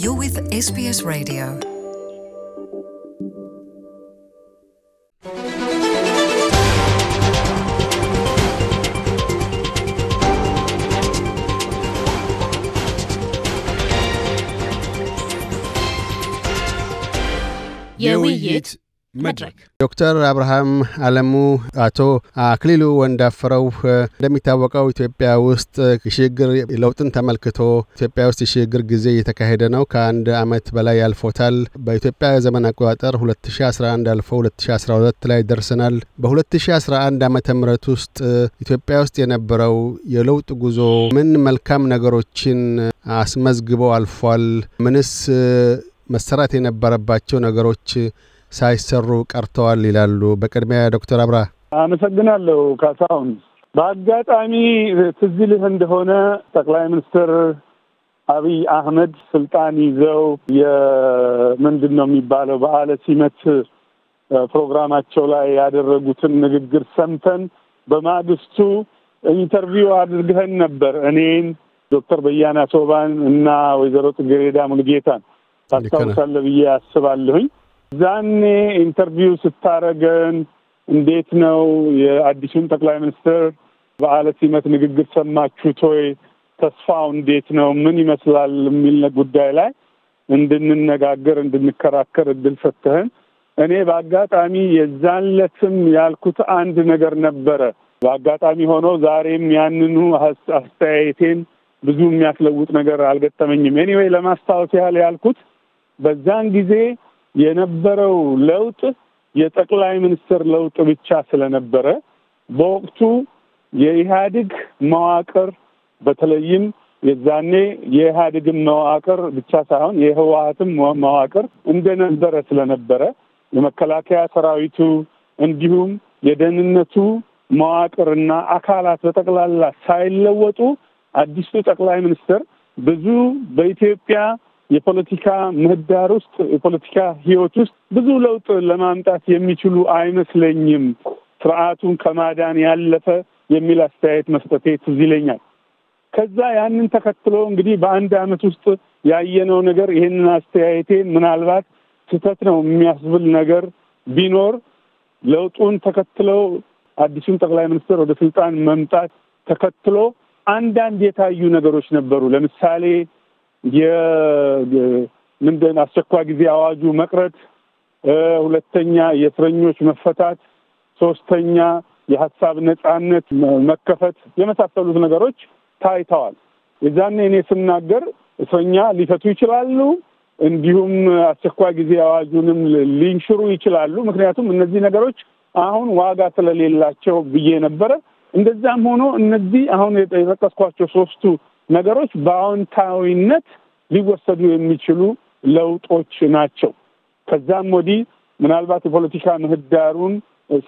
You're with SBS Radio. Yeah, we eat. መድረክ ዶክተር አብርሃም አለሙ፣ አቶ አክሊሉ ወንዳፈረው፣ እንደሚታወቀው ኢትዮጵያ ውስጥ የሽግግር ለውጥን ተመልክቶ ኢትዮጵያ ውስጥ የሽግግር ጊዜ እየተካሄደ ነው። ከአንድ አመት በላይ ያልፎታል። በኢትዮጵያ ዘመን አቆጣጠር 2011 አልፎ 2012 ላይ ደርሰናል። በ2011 ዓመተ ምህረት ውስጥ ኢትዮጵያ ውስጥ የነበረው የለውጥ ጉዞ ምን መልካም ነገሮችን አስመዝግቦ አልፏል? ምንስ መሰራት የነበረባቸው ነገሮች ሳይሰሩ ቀርተዋል ይላሉ። በቅድሚያ ዶክተር አብራ አመሰግናለሁ። ካሳሁን በአጋጣሚ ትዝ እንደሆነ ጠቅላይ ሚኒስትር አብይ አህመድ ስልጣን ይዘው የምንድን ነው የሚባለው በዓለ ሲመት ፕሮግራማቸው ላይ ያደረጉትን ንግግር ሰምተን በማግስቱ ኢንተርቪው አድርገህን ነበር እኔን ዶክተር በያና ሶባን እና ወይዘሮ ጽጌሬዳ ሙልጌታን ታስታውሳለህ ብዬ አስባለሁኝ። ዛኔ ኢንተርቪው ስታረገን እንዴት ነው የአዲሱን ጠቅላይ ሚኒስትር በዓለ ሲመት ንግግር ሰማችሁት ወይ? ተስፋው እንዴት ነው? ምን ይመስላል? የሚል ጉዳይ ላይ እንድንነጋገር እንድንከራከር እድል ሰጥተህን፣ እኔ በአጋጣሚ የዛለትም ያልኩት አንድ ነገር ነበረ። በአጋጣሚ ሆኖ ዛሬም ያንኑ አስተያየቴን ብዙ የሚያስለውጥ ነገር አልገጠመኝም። ኤኒዌይ ለማስታወስ ያህል ያልኩት በዛን ጊዜ የነበረው ለውጥ የጠቅላይ ሚኒስትር ለውጥ ብቻ ስለነበረ በወቅቱ የኢህአዴግ መዋቅር በተለይም የዛኔ የኢህአዴግን መዋቅር ብቻ ሳይሆን የህወሀትም መዋቅር እንደነበረ ስለነበረ የመከላከያ ሰራዊቱ እንዲሁም የደህንነቱ መዋቅርና አካላት በጠቅላላ ሳይለወጡ አዲሱ ጠቅላይ ሚኒስትር ብዙ በኢትዮጵያ የፖለቲካ ምህዳር ውስጥ የፖለቲካ ህይወት ውስጥ ብዙ ለውጥ ለማምጣት የሚችሉ አይመስለኝም፣ ስርዓቱን ከማዳን ያለፈ የሚል አስተያየት መስጠቴ ትዝ ይለኛል። ከዛ ያንን ተከትሎ እንግዲህ በአንድ አመት ውስጥ ያየነው ነገር ይህንን አስተያየቴ ምናልባት ስህተት ነው የሚያስብል ነገር ቢኖር ለውጡን ተከትለው አዲሱን ጠቅላይ ሚኒስትር ወደ ስልጣን መምጣት ተከትሎ አንዳንድ የታዩ ነገሮች ነበሩ። ለምሳሌ ምንድን አስቸኳይ ጊዜ አዋጁ መቅረት፣ ሁለተኛ የእስረኞች መፈታት፣ ሶስተኛ የሀሳብ ነጻነት መከፈት የመሳሰሉት ነገሮች ታይተዋል። የዛኔ እኔ ስናገር እስረኛ ሊፈቱ ይችላሉ፣ እንዲሁም አስቸኳይ ጊዜ አዋጁንም ሊንሽሩ ይችላሉ። ምክንያቱም እነዚህ ነገሮች አሁን ዋጋ ስለሌላቸው ብዬ ነበረ። እንደዛም ሆኖ እነዚህ አሁን የጠቀስኳቸው ሶስቱ ነገሮች በአዎንታዊነት ሊወሰዱ የሚችሉ ለውጦች ናቸው። ከዛም ወዲህ ምናልባት የፖለቲካ ምህዳሩን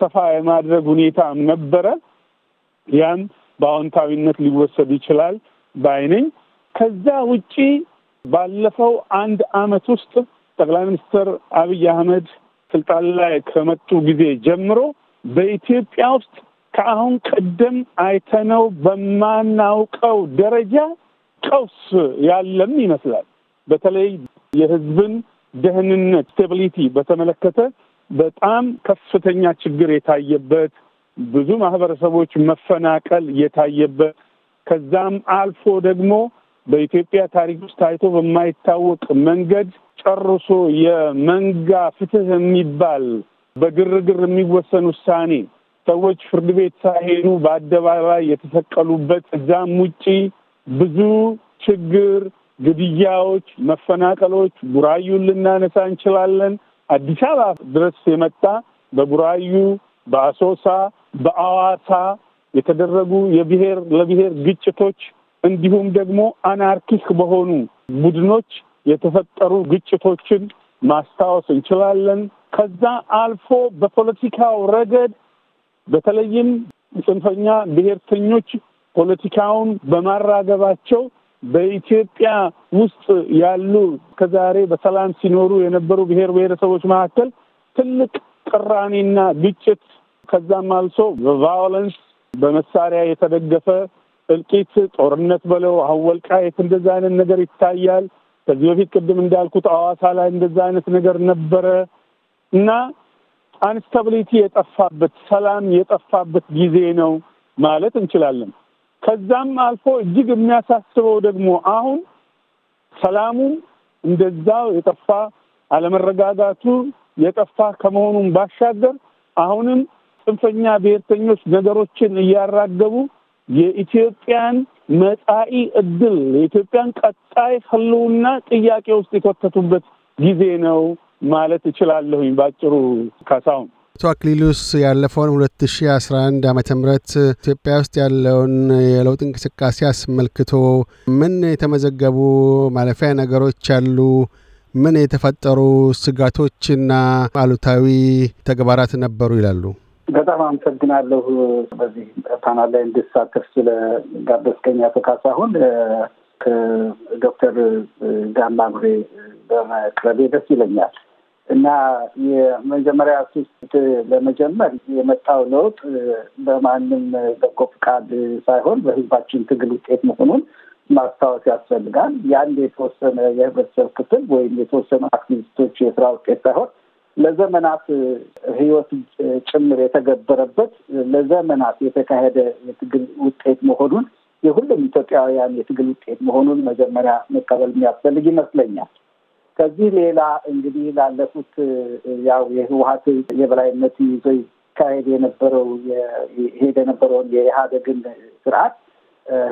ሰፋ የማድረግ ሁኔታም ነበረ። ያም በአዎንታዊነት ሊወሰድ ይችላል ባይነኝ። ከዛ ውጪ ባለፈው አንድ አመት ውስጥ ጠቅላይ ሚኒስትር አብይ አህመድ ስልጣን ላይ ከመጡ ጊዜ ጀምሮ በኢትዮጵያ ውስጥ ከአሁን ቀደም አይተነው በማናውቀው ደረጃ ቀውስ ያለም ይመስላል። በተለይ የህዝብን ደህንነት ስቴቢሊቲ በተመለከተ በጣም ከፍተኛ ችግር የታየበት ብዙ ማህበረሰቦች መፈናቀል የታየበት ከዛም አልፎ ደግሞ በኢትዮጵያ ታሪክ ውስጥ ታይቶ በማይታወቅ መንገድ ጨርሶ የመንጋ ፍትህ የሚባል በግርግር የሚወሰን ውሳኔ ሰዎች ፍርድ ቤት ሳይሄዱ በአደባባይ የተሰቀሉበት እዛም ውጪ ብዙ ችግር፣ ግድያዎች፣ መፈናቀሎች ቡራዩን ልናነሳ እንችላለን። አዲስ አበባ ድረስ የመጣ በቡራዩ፣ በአሶሳ፣ በአዋሳ የተደረጉ የብሔር ለብሔር ግጭቶች እንዲሁም ደግሞ አናርኪክ በሆኑ ቡድኖች የተፈጠሩ ግጭቶችን ማስታወስ እንችላለን። ከዛ አልፎ በፖለቲካው ረገድ በተለይም ጽንፈኛ ብሔርተኞች ፖለቲካውን በማራገባቸው በኢትዮጵያ ውስጥ ያሉ ከዛሬ በሰላም ሲኖሩ የነበሩ ብሔር ብሔረሰቦች መካከል ትልቅ ቅራኔና ግጭት ከዛም አልሶ በቫዮለንስ በመሳሪያ የተደገፈ እልቂት፣ ጦርነት በለው አሁን ወልቃይት እንደዛ አይነት ነገር ይታያል። ከዚህ በፊት ቅድም እንዳልኩት አዋሳ ላይ እንደዛ አይነት ነገር ነበረ እና አንስታብሊቲ የጠፋበት ሰላም የጠፋበት ጊዜ ነው ማለት እንችላለን። ከዛም አልፎ እጅግ የሚያሳስበው ደግሞ አሁን ሰላሙም እንደዛው የጠፋ አለመረጋጋቱ የጠፋ ከመሆኑም ባሻገር አሁንም ጽንፈኛ ብሔርተኞች ነገሮችን እያራገቡ የኢትዮጵያን መጻኢ እድል የኢትዮጵያን ቀጣይ ህልውና ጥያቄ ውስጥ የከተቱበት ጊዜ ነው ማለት እችላለሁኝ ባጭሩ ካሳሁን። አቶ አክሊሉስ ያለፈውን 2011 ዓመተ ምህረት ኢትዮጵያ ውስጥ ያለውን የለውጥ እንቅስቃሴ አስመልክቶ ምን የተመዘገቡ ማለፊያ ነገሮች አሉ? ምን የተፈጠሩ ስጋቶችና አሉታዊ ተግባራት ነበሩ ይላሉ? በጣም አመሰግናለሁ በዚህ ፓናል ላይ እንድሳተፍ ስለ አቶ ካሳሁን። ከዶክተር ጋማ ጉሬ በመቅረቤ ደስ ይለኛል። እና የመጀመሪያ ሱስት ለመጀመር የመጣው ለውጥ በማንም በጎ ፍቃድ ሳይሆን በህዝባችን ትግል ውጤት መሆኑን ማስታወስ ያስፈልጋል። የአንድ የተወሰነ የህብረተሰብ ክፍል ወይም የተወሰኑ አክቲቪስቶች የስራ ውጤት ሳይሆን ለዘመናት ህይወት ጭምር የተገበረበት ለዘመናት የተካሄደ የትግል ውጤት መሆኑን የሁሉም ኢትዮጵያውያን የትግል ውጤት መሆኑን መጀመሪያ መቀበል የሚያስፈልግ ይመስለኛል። ከዚህ ሌላ እንግዲህ ላለፉት ያው የህወሀት የበላይነት ይዞ ይካሄድ የነበረው ሄደ የነበረውን የኢህአዴግን ስርዓት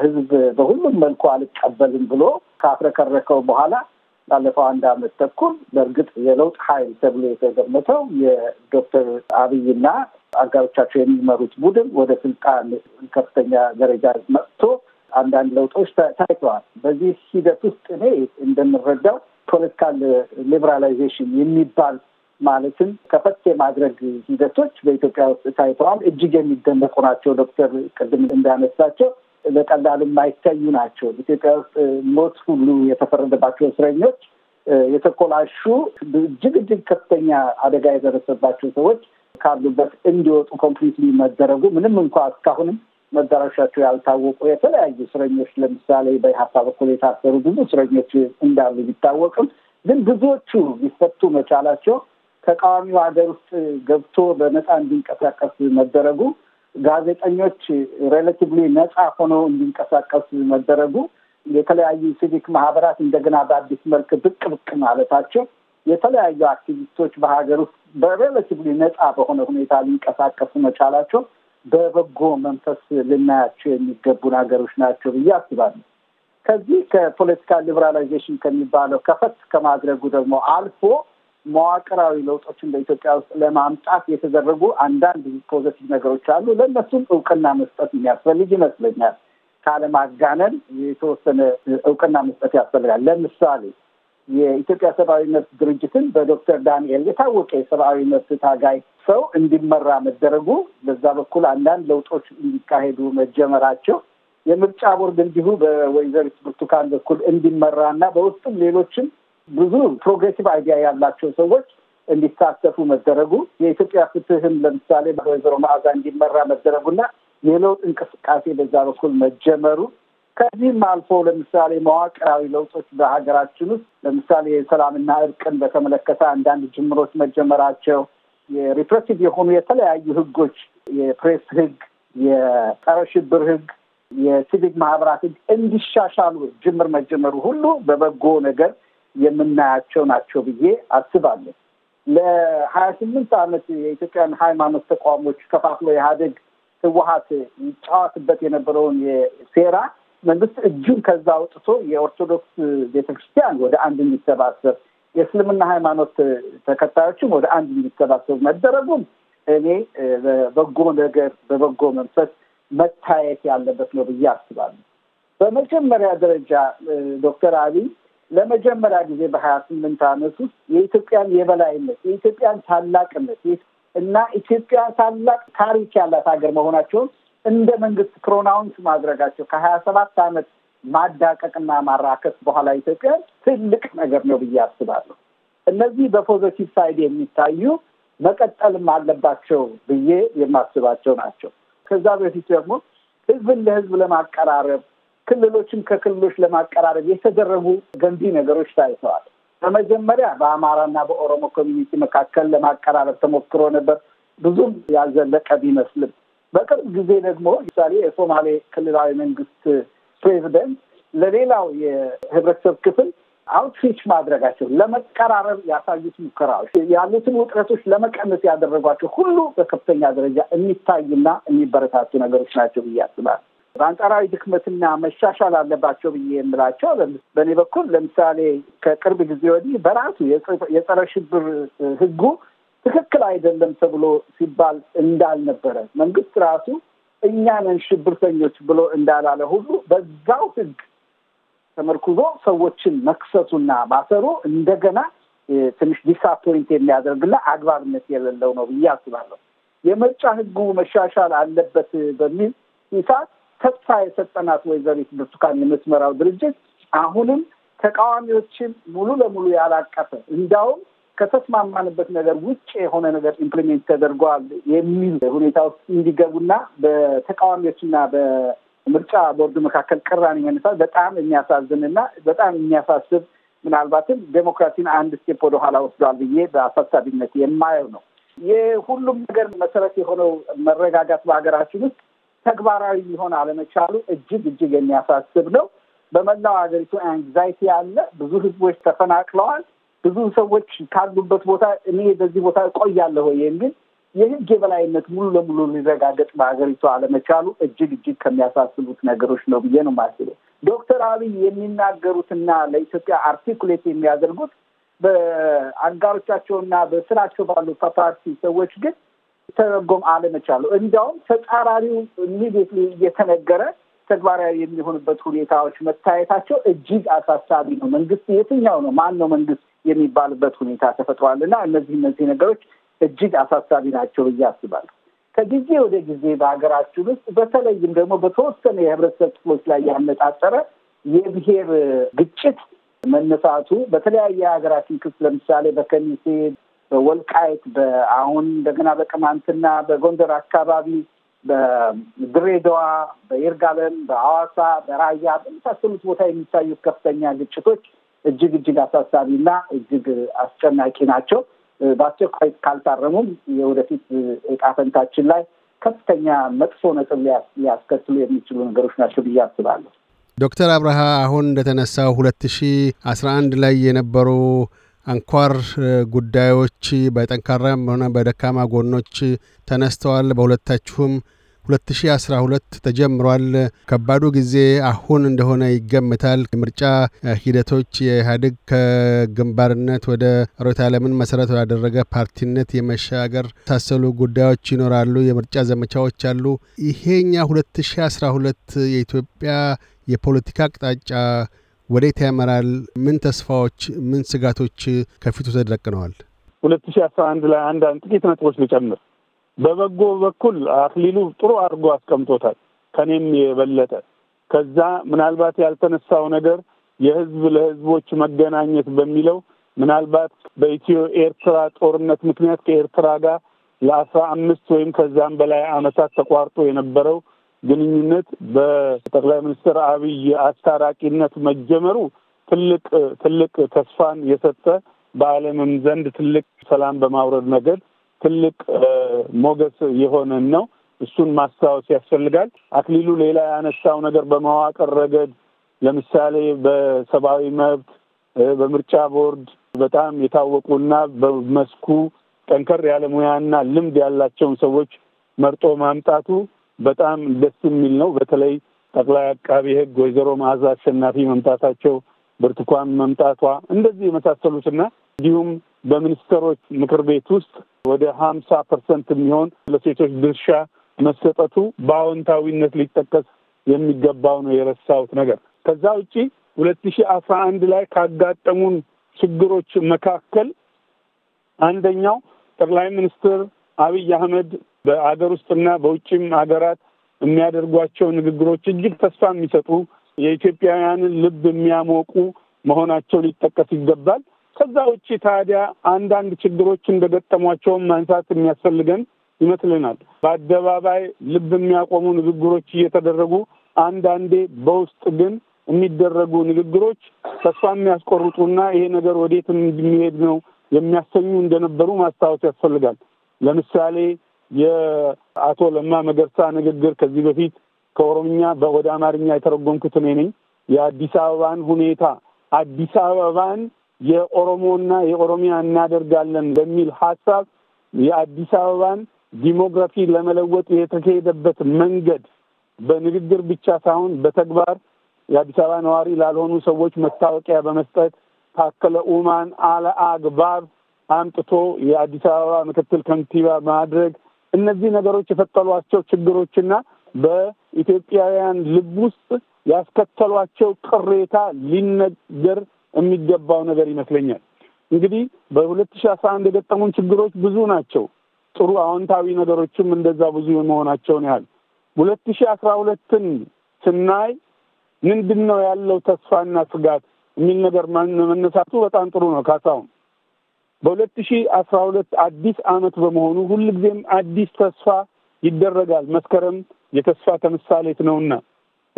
ህዝብ በሁሉም መልኩ አልቀበልም ብሎ ካፍረከረከው በኋላ ባለፈው አንድ አመት ተኩል በእርግጥ የለውጥ ኃይል ተብሎ የተገመተው የዶክተር አብይና አጋሮቻቸው የሚመሩት ቡድን ወደ ስልጣን ከፍተኛ ደረጃ መጥቶ አንዳንድ ለውጦች ታይተዋል። በዚህ ሂደት ውስጥ እኔ እንደምረዳው ፖለቲካል ሊበራላይዜሽን የሚባል ማለትም ከፈት የማድረግ ሂደቶች በኢትዮጵያ ውስጥ ታይተዋል። እጅግ የሚደነቁ ናቸው። ዶክተር ቅድም እንዳነሳቸው በቀላሉ የማይታዩ ናቸው። ኢትዮጵያ ውስጥ ሞት ሁሉ የተፈረደባቸው እስረኞች፣ የተኮላሹ እጅግ እጅግ ከፍተኛ አደጋ የደረሰባቸው ሰዎች ካሉበት እንዲወጡ ኮምፕሊትሊ መደረጉ ምንም እንኳ እስካሁንም መዳረሻቸው ያልታወቁ የተለያዩ እስረኞች ለምሳሌ በኢሀፓ በኩል የታሰሩ ብዙ እስረኞች እንዳሉ ቢታወቅም ግን ብዙዎቹ ሊፈቱ መቻላቸው ተቃዋሚው ሀገር ውስጥ ገብቶ በነፃ እንዲንቀሳቀስ መደረጉ፣ ጋዜጠኞች ሬላቲቭሊ ነፃ ሆነው እንዲንቀሳቀስ መደረጉ፣ የተለያዩ ሲቪክ ማህበራት እንደገና በአዲስ መልክ ብቅ ብቅ ማለታቸው የተለያዩ አክቲቪስቶች በሀገር ውስጥ በሬላቲቭሊ ነፃ በሆነ ሁኔታ ሊንቀሳቀሱ መቻላቸው በበጎ መንፈስ ልናያቸው የሚገቡን ሀገሮች ናቸው ብዬ አስባለሁ። ከዚህ ከፖለቲካ ሊበራላይዜሽን ከሚባለው ከፈት ከማድረጉ ደግሞ አልፎ መዋቅራዊ ለውጦችን በኢትዮጵያ ውስጥ ለማምጣት የተደረጉ አንዳንድ ፖዘቲቭ ነገሮች አሉ። ለእነሱም እውቅና መስጠት የሚያስፈልግ ይመስለኛል። ካለማጋነን የተወሰነ እውቅና መስጠት ያስፈልጋል። ለምሳሌ የኢትዮጵያ ሰብአዊ መብት ድርጅትን በዶክተር ዳንኤል የታወቀ የሰብአዊ መብት ታጋይ ሰው እንዲመራ መደረጉ፣ በዛ በኩል አንዳንድ ለውጦች እንዲካሄዱ መጀመራቸው፣ የምርጫ ቦርድ እንዲሁ በወይዘሪት ብርቱካን በኩል እንዲመራ እና በውስጡም ሌሎችም ብዙ ፕሮግሬሲቭ አይዲያ ያላቸው ሰዎች እንዲሳተፉ መደረጉ፣ የኢትዮጵያ ፍትህም ለምሳሌ በወይዘሮ መዓዛ እንዲመራ መደረጉና የለውጥ እንቅስቃሴ በዛ በኩል መጀመሩ ከዚህም አልፎ ለምሳሌ መዋቅራዊ ለውጦች በሀገራችን ውስጥ ለምሳሌ የሰላምና እርቅን በተመለከተ አንዳንድ ጅምሮች መጀመራቸው፣ የሪፕሬሲቭ የሆኑ የተለያዩ ህጎች፣ የፕሬስ ህግ፣ የጸረ ሽብር ህግ፣ የሲቪክ ማህበራት ህግ እንዲሻሻሉ ጅምር መጀመሩ ሁሉ በበጎ ነገር የምናያቸው ናቸው ብዬ አስባለሁ። ለሀያ ስምንት ዓመት የኢትዮጵያን ሃይማኖት ተቋሞች ከፋፍሎ ኢህአዴግ ህወሀት ይጫወትበት የነበረውን የሴራ መንግስት እጁን ከዛ አውጥቶ የኦርቶዶክስ ቤተክርስቲያን ወደ አንድ እንዲሰባሰብ የእስልምና ሃይማኖት ተከታዮችም ወደ አንድ እንዲሰባሰቡ መደረጉም እኔ በበጎ ነገር በበጎ መንፈስ መታየት ያለበት ነው ብዬ አስባለሁ። በመጀመሪያ ደረጃ ዶክተር አብይ ለመጀመሪያ ጊዜ በሀያ ስምንት ዓመት ውስጥ የኢትዮጵያን የበላይነት የኢትዮጵያን ታላቅነት እና ኢትዮጵያ ታላቅ ታሪክ ያላት ሀገር መሆናቸውን እንደ መንግስት ፕሮናውንስ ማድረጋቸው ከሀያ ሰባት አመት ማዳቀቅና ማራከስ በኋላ ኢትዮጵያ ትልቅ ነገር ነው ብዬ አስባለሁ። እነዚህ በፖዘቲቭ ሳይድ የሚታዩ መቀጠልም አለባቸው ብዬ የማስባቸው ናቸው። ከዛ በፊት ደግሞ ህዝብን ለህዝብ ለማቀራረብ፣ ክልሎችን ከክልሎች ለማቀራረብ የተደረጉ ገንቢ ነገሮች ታይተዋል። በመጀመሪያ በአማራና በኦሮሞ ኮሚኒቲ መካከል ለማቀራረብ ተሞክሮ ነበር። ብዙም ያዘለቀ ቢመስልም በቅርብ ጊዜ ደግሞ ምሳሌ የሶማሌ ክልላዊ መንግስት ፕሬዚደንት ለሌላው የህብረተሰብ ክፍል አውትሪች ማድረጋቸው ለመቀራረብ ያሳዩት ሙከራዎች ያሉትን ውጥረቶች ለመቀነስ ያደረጓቸው ሁሉ በከፍተኛ ደረጃ የሚታይና የሚበረታቱ ነገሮች ናቸው ብዬ አስባለሁ። በአንጻራዊ ድክመትና መሻሻል አለባቸው ብዬ የምላቸው በእኔ በኩል ለምሳሌ ከቅርብ ጊዜ ወዲህ በራሱ የጸረ ሽብር ህጉ ትክክል አይደለም ተብሎ ሲባል እንዳልነበረ መንግስት ራሱ እኛንን ሽብርተኞች ብሎ እንዳላለ ሁሉ በዛው ህግ ተመርኩዞ ሰዎችን መክሰሱና ማሰሩ እንደገና ትንሽ ዲስአፖይንት የሚያደርግና አግባብነት የሌለው ነው ብዬ አስባለሁ። የምርጫ ህጉ መሻሻል አለበት በሚል ሰዓት ተስፋ የሰጠናት ወይዘሪት ብርቱካን የምትመራው ድርጅት አሁንም ተቃዋሚዎችን ሙሉ ለሙሉ ያላቀፈ እንዲያውም ከተስማማንበት ነገር ውጭ የሆነ ነገር ኢምፕሊሜንት ተደርጓል የሚል ሁኔታ ውስጥ እንዲገቡና በተቃዋሚዎችና በምርጫ ቦርድ መካከል ቅራኔ መነሳት በጣም የሚያሳዝንና በጣም የሚያሳስብ ምናልባትም ዴሞክራሲን አንድ ስቴፕ ወደኋላ ወስዷል ብዬ በአሳሳቢነት የማየው ነው። የሁሉም ነገር መሰረት የሆነው መረጋጋት በሀገራችን ውስጥ ተግባራዊ ሊሆን አለመቻሉ እጅግ እጅግ የሚያሳስብ ነው። በመላው ሀገሪቱ አንግዛይቲ አለ። ብዙ ህዝቦች ተፈናቅለዋል። ብዙ ሰዎች ካሉበት ቦታ እኔ በዚህ ቦታ እቆያለሁ የሚል የህግ የበላይነት ሙሉ ለሙሉ ሊረጋገጥ በሀገሪቱ አለመቻሉ እጅግ እጅግ ከሚያሳስቡት ነገሮች ነው ብዬ ነው የማስበው። ዶክተር አብይ የሚናገሩትና ለኢትዮጵያ አርቲኩሌት የሚያደርጉት በአጋሮቻቸውና በስራቸው ባሉ ፓርቲ ሰዎች ግን ተረጎም አለመቻሉ እንዲያውም ተጻራሪው ኢሚዲየትሊ እየተነገረ ተግባራዊ የሚሆንበት ሁኔታዎች መታየታቸው እጅግ አሳሳቢ ነው። መንግስት የትኛው ነው? ማን ነው መንግስት የሚባልበት ሁኔታ ተፈጥሯል እና እነዚህ እነዚህ ነገሮች እጅግ አሳሳቢ ናቸው ብዬ አስባለሁ። ከጊዜ ወደ ጊዜ በሀገራችን ውስጥ በተለይም ደግሞ በተወሰነ የህብረተሰብ ክፍሎች ላይ ያነጣጠረ የብሔር ግጭት መነሳቱ በተለያየ የሀገራችን ክፍል ለምሳሌ በከሚሴ፣ በወልቃይት፣ በአሁን እንደገና በቅማንትና በጎንደር አካባቢ፣ በድሬዳዋ፣ በይርጋለም፣ በአዋሳ፣ በራያ በመሳሰሉት ቦታ የሚታዩት ከፍተኛ ግጭቶች እጅግ እጅግ አሳሳቢና እጅግ አስጨናቂ ናቸው። በአስቸኳይ ካልታረሙም የወደፊት ዕጣ ፈንታችን ላይ ከፍተኛ መጥፎ ነጥብ ሊያስከትሉ የሚችሉ ነገሮች ናቸው ብዬ አስባለሁ። ዶክተር አብርሃ አሁን እንደተነሳው ሁለት ሺ አስራ አንድ ላይ የነበሩ አንኳር ጉዳዮች በጠንካራም ሆነ በደካማ ጎኖች ተነስተዋል። በሁለታችሁም 2012 ተጀምሯል። ከባዱ ጊዜ አሁን እንደሆነ ይገምታል። የምርጫ ሂደቶች የኢህአዴግ ከግንባርነት ወደ ርዕዮተ ዓለምን መሰረት ወዳደረገ ፓርቲነት የመሻገር ታሰሉ ጉዳዮች ይኖራሉ። የምርጫ ዘመቻዎች አሉ። ይሄኛ 2012 የኢትዮጵያ የፖለቲካ አቅጣጫ ወዴት ያመራል? ምን ተስፋዎች፣ ምን ስጋቶች ከፊቱ ተደቅነዋል? ሁለት ሺ አስራ አንድ ላይ አንዳንድ ጥቂት ነጥቦች ልጨምር። በበጎ በኩል አክሊሉ ጥሩ አድርጎ አስቀምጦታል። ከኔም የበለጠ ከዛ ምናልባት ያልተነሳው ነገር የህዝብ ለህዝቦች መገናኘት በሚለው ምናልባት በኢትዮ ኤርትራ ጦርነት ምክንያት ከኤርትራ ጋር ለአስራ አምስት ወይም ከዛም በላይ አመታት ተቋርጦ የነበረው ግንኙነት በጠቅላይ ሚኒስትር አብይ አስታራቂነት መጀመሩ ትልቅ ትልቅ ተስፋን የሰጠ በዓለምም ዘንድ ትልቅ ሰላም በማውረድ ነገር ትልቅ ሞገስ የሆነን ነው። እሱን ማስታወስ ያስፈልጋል። አክሊሉ ሌላ ያነሳው ነገር በመዋቅር ረገድ ለምሳሌ በሰብአዊ መብት በምርጫ ቦርድ በጣም የታወቁና በመስኩ ጠንከር ያለ ሙያና ልምድ ያላቸውን ሰዎች መርጦ ማምጣቱ በጣም ደስ የሚል ነው። በተለይ ጠቅላይ አቃቢ ሕግ ወይዘሮ መዓዛ አሸናፊ መምጣታቸው፣ ብርቱካን መምጣቷ እንደዚህ የመሳሰሉትና እንዲሁም በሚኒስትሮች ምክር ቤት ውስጥ ወደ ሀምሳ ፐርሰንት የሚሆን ለሴቶች ድርሻ መሰጠቱ በአዎንታዊነት ሊጠቀስ የሚገባው ነው የረሳሁት ነገር። ከዛ ውጪ ሁለት ሺህ አስራ አንድ ላይ ካጋጠሙን ችግሮች መካከል አንደኛው ጠቅላይ ሚኒስትር አብይ አህመድ በአገር ውስጥና በውጭም ሀገራት የሚያደርጓቸው ንግግሮች እጅግ ተስፋ የሚሰጡ የኢትዮጵያውያንን ልብ የሚያሞቁ መሆናቸው ሊጠቀስ ይገባል። ከዛ ውጭ ታዲያ አንዳንድ ችግሮች እንደገጠሟቸውም ማንሳት የሚያስፈልገን ይመስልናል። በአደባባይ ልብ የሚያቆሙ ንግግሮች እየተደረጉ አንዳንዴ በውስጥ ግን የሚደረጉ ንግግሮች ተስፋ የሚያስቆርጡና ይሄ ነገር ወዴት የሚሄድ ነው የሚያሰኙ እንደነበሩ ማስታወስ ያስፈልጋል። ለምሳሌ የአቶ ለማ መገርሳ ንግግር ከዚህ በፊት ከኦሮምኛ ወደ አማርኛ የተረጎምኩት እኔ ነኝ። የአዲስ አበባን ሁኔታ አዲስ አበባን የኦሮሞና የኦሮሚያ እናደርጋለን በሚል ሀሳብ የአዲስ አበባን ዲሞግራፊ ለመለወጥ የተካሄደበት መንገድ በንግግር ብቻ ሳይሆን በተግባር የአዲስ አበባ ነዋሪ ላልሆኑ ሰዎች መታወቂያ በመስጠት ታከለ ኡማን አግባብ አምጥቶ የአዲስ አበባ ምክትል ከንቲባ ማድረግ እነዚህ ነገሮች የፈጠሏቸው ችግሮችና በኢትዮጵያውያን ልብ ውስጥ ያስከተሏቸው ቅሬታ ሊነገር የሚገባው ነገር ይመስለኛል። እንግዲህ በሁለት ሺ አስራ አንድ የገጠሙን ችግሮች ብዙ ናቸው። ጥሩ አዎንታዊ ነገሮችም እንደዛ ብዙ የመሆናቸውን ያህል ሁለት ሺ አስራ ሁለትን ስናይ ምንድን ነው ያለው ተስፋና ስጋት የሚል ነገር መነሳቱ በጣም ጥሩ ነው። ካሳሁን በሁለት ሺ አስራ ሁለት አዲስ አመት በመሆኑ ሁልጊዜም አዲስ ተስፋ ይደረጋል። መስከረም የተስፋ ተምሳሌት ነውና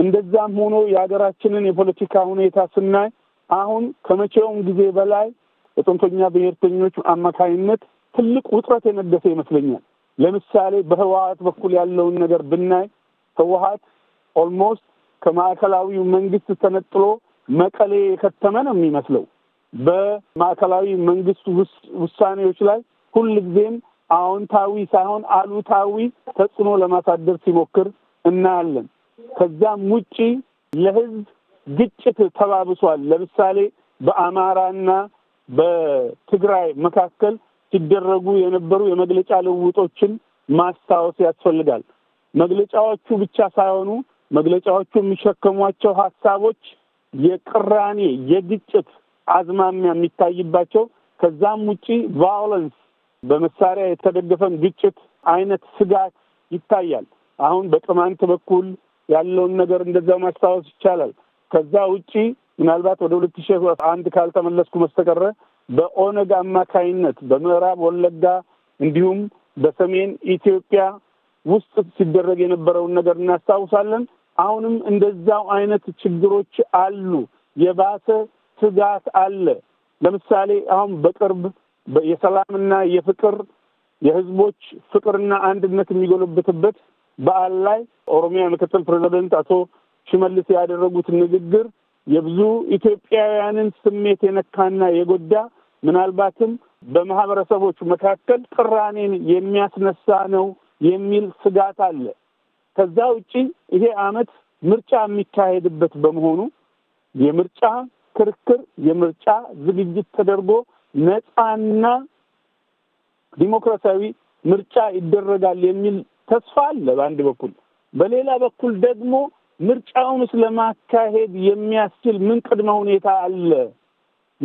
እንደዛም ሆኖ የሀገራችንን የፖለቲካ ሁኔታ ስናይ አሁን ከመቼውም ጊዜ በላይ በጽንፈኛ ብሔርተኞች አማካይነት ትልቅ ውጥረት የነደሰ ይመስለኛል። ለምሳሌ በህወሀት በኩል ያለውን ነገር ብናይ ህወሀት ኦልሞስት ከማዕከላዊው መንግስት ተነጥሎ መቀሌ የከተመ ነው የሚመስለው። በማዕከላዊ መንግስት ውሳኔዎች ላይ ሁልጊዜም አዎንታዊ ሳይሆን አሉታዊ ተጽዕኖ ለማሳደር ሲሞክር እናያለን። ከዚያም ውጪ ለህዝብ ግጭት ተባብሷል። ለምሳሌ በአማራና በትግራይ መካከል ሲደረጉ የነበሩ የመግለጫ ልውጦችን ማስታወስ ያስፈልጋል። መግለጫዎቹ ብቻ ሳይሆኑ መግለጫዎቹ የሚሸከሟቸው ሀሳቦች የቅራኔ የግጭት አዝማሚያ የሚታይባቸው ከዛም ውጪ ቫዮለንስ በመሳሪያ የተደገፈን ግጭት አይነት ስጋት ይታያል። አሁን በቅማንት በኩል ያለውን ነገር እንደዛ ማስታወስ ይቻላል። ከዛ ውጪ ምናልባት ወደ ሁለት ሺ አንድ ካልተመለስኩ መስተቀረ በኦነግ አማካይነት በምዕራብ ወለጋ እንዲሁም በሰሜን ኢትዮጵያ ውስጥ ሲደረግ የነበረውን ነገር እናስታውሳለን። አሁንም እንደዛው አይነት ችግሮች አሉ። የባሰ ስጋት አለ። ለምሳሌ አሁን በቅርብ የሰላምና የፍቅር የህዝቦች ፍቅርና አንድነት የሚጎለብትበት በዓል ላይ ኦሮሚያ ምክትል ፕሬዚደንት አቶ ሽመልስ ያደረጉት ንግግር የብዙ ኢትዮጵያውያንን ስሜት የነካና የጎዳ ምናልባትም በማህበረሰቦች መካከል ቅራኔን የሚያስነሳ ነው የሚል ስጋት አለ። ከዛ ውጪ ይሄ አመት ምርጫ የሚካሄድበት በመሆኑ የምርጫ ክርክር፣ የምርጫ ዝግጅት ተደርጎ ነፃና ዲሞክራሲያዊ ምርጫ ይደረጋል የሚል ተስፋ አለ በአንድ በኩል። በሌላ በኩል ደግሞ ምርጫውንስ ለማካሄድ የሚያስችል ምን ቅድመ ሁኔታ አለ?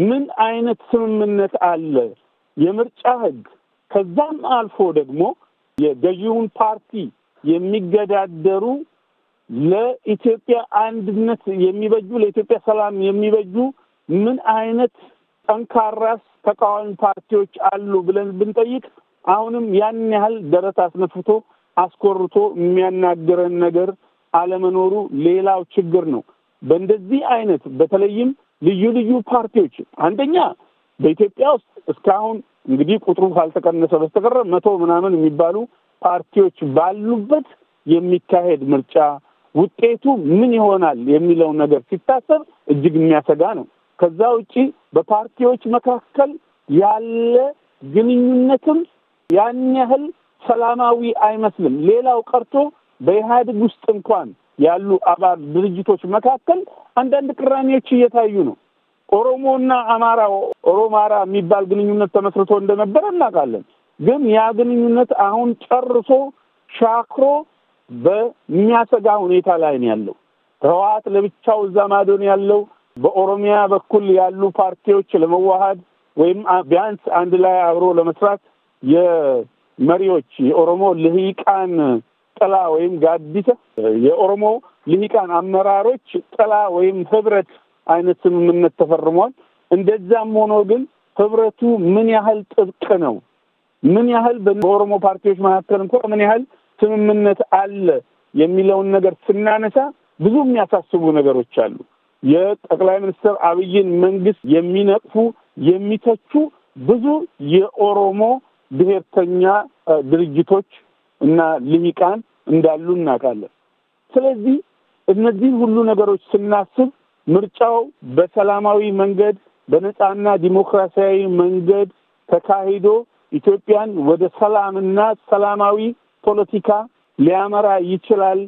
ምን አይነት ስምምነት አለ? የምርጫ ህግ ከዛም አልፎ ደግሞ የገዢውን ፓርቲ የሚገዳደሩ ለኢትዮጵያ አንድነት የሚበጁ ለኢትዮጵያ ሰላም የሚበጁ ምን አይነት ጠንካራስ ተቃዋሚ ፓርቲዎች አሉ ብለን ብንጠይቅ አሁንም ያን ያህል ደረት አስነፍቶ አስኮርቶ የሚያናግረን ነገር አለመኖሩ ሌላው ችግር ነው። በእንደዚህ አይነት በተለይም ልዩ ልዩ ፓርቲዎች አንደኛ በኢትዮጵያ ውስጥ እስካሁን እንግዲህ ቁጥሩ ካልተቀነሰ በስተቀረ መቶ ምናምን የሚባሉ ፓርቲዎች ባሉበት የሚካሄድ ምርጫ ውጤቱ ምን ይሆናል የሚለው ነገር ሲታሰብ እጅግ የሚያሰጋ ነው። ከዛ ውጪ በፓርቲዎች መካከል ያለ ግንኙነትም ያን ያህል ሰላማዊ አይመስልም። ሌላው ቀርቶ በኢህአዴግ ውስጥ እንኳን ያሉ አባል ድርጅቶች መካከል አንዳንድ ቅራኔዎች እየታዩ ነው። ኦሮሞና አማራ ኦሮማራ የሚባል ግንኙነት ተመስርቶ እንደነበረ እናውቃለን። ግን ያ ግንኙነት አሁን ጨርሶ ሻክሮ በሚያሰጋ ሁኔታ ላይ ነው ያለው። ህወሓት ለብቻው እዛ ማዶን ያለው። በኦሮሚያ በኩል ያሉ ፓርቲዎች ለመዋሃድ ወይም ቢያንስ አንድ ላይ አብሮ ለመስራት የመሪዎች የኦሮሞ ልሂቃን ጥላ ወይም ጋቢተ የኦሮሞ ልሂቃን አመራሮች ጥላ ወይም ህብረት አይነት ስምምነት ተፈርሟል። እንደዛም ሆኖ ግን ህብረቱ ምን ያህል ጥብቅ ነው? ምን ያህል በኦሮሞ ፓርቲዎች መካከል እንኳ ምን ያህል ስምምነት አለ የሚለውን ነገር ስናነሳ ብዙ የሚያሳስቡ ነገሮች አሉ። የጠቅላይ ሚኒስትር አብይን መንግስት የሚነቅፉ የሚተቹ ብዙ የኦሮሞ ብሔርተኛ ድርጅቶች እና ልሂቃን እንዳሉ እናውቃለን። ስለዚህ እነዚህን ሁሉ ነገሮች ስናስብ ምርጫው በሰላማዊ መንገድ በነጻና ዲሞክራሲያዊ መንገድ ተካሂዶ ኢትዮጵያን ወደ ሰላምና ሰላማዊ ፖለቲካ ሊያመራ ይችላል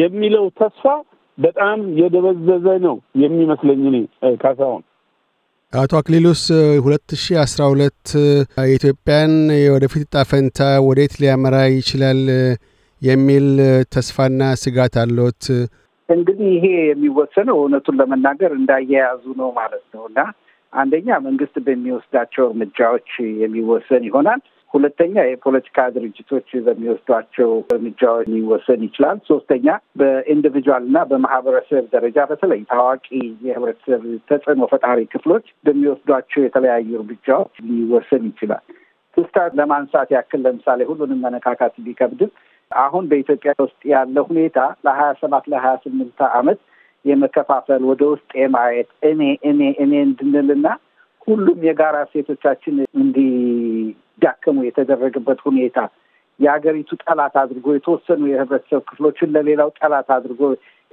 የሚለው ተስፋ በጣም የደበዘዘ ነው የሚመስለኝ እኔ ካሳሁን። አቶ አክሊሉስ 2012 የኢትዮጵያን የወደፊት ዕጣ ፈንታ ወዴት ሊያመራ ይችላል የሚል ተስፋና ስጋት አለዎት? እንግዲህ ይሄ የሚወሰነው እውነቱን ለመናገር እንዳያያዙ ነው ማለት ነው እና አንደኛ መንግስት በሚወስዳቸው እርምጃዎች የሚወሰን ይሆናል። ሁለተኛ የፖለቲካ ድርጅቶች በሚወስዷቸው እርምጃዎች ሊወሰን ይችላል። ሶስተኛ በኢንዲቪጁዋል እና በማህበረሰብ ደረጃ በተለይ ታዋቂ የህብረተሰብ ተጽዕኖ ፈጣሪ ክፍሎች በሚወስዷቸው የተለያዩ እርምጃዎች ሊወሰን ይችላል። ትስታ ለማንሳት ያክል ለምሳሌ ሁሉንም መነካካት ቢከብድም አሁን በኢትዮጵያ ውስጥ ያለ ሁኔታ ለሀያ ሰባት ለሀያ ስምንት ዓመት የመከፋፈል ወደ ውስጥ የማየት እኔ እኔ እኔ እንድንልና ሁሉም የጋራ ሴቶቻችን እንዲ እንዲዳከሙ የተደረገበት ሁኔታ የሀገሪቱ ጠላት አድርጎ የተወሰኑ የህብረተሰብ ክፍሎችን ለሌላው ጠላት አድርጎ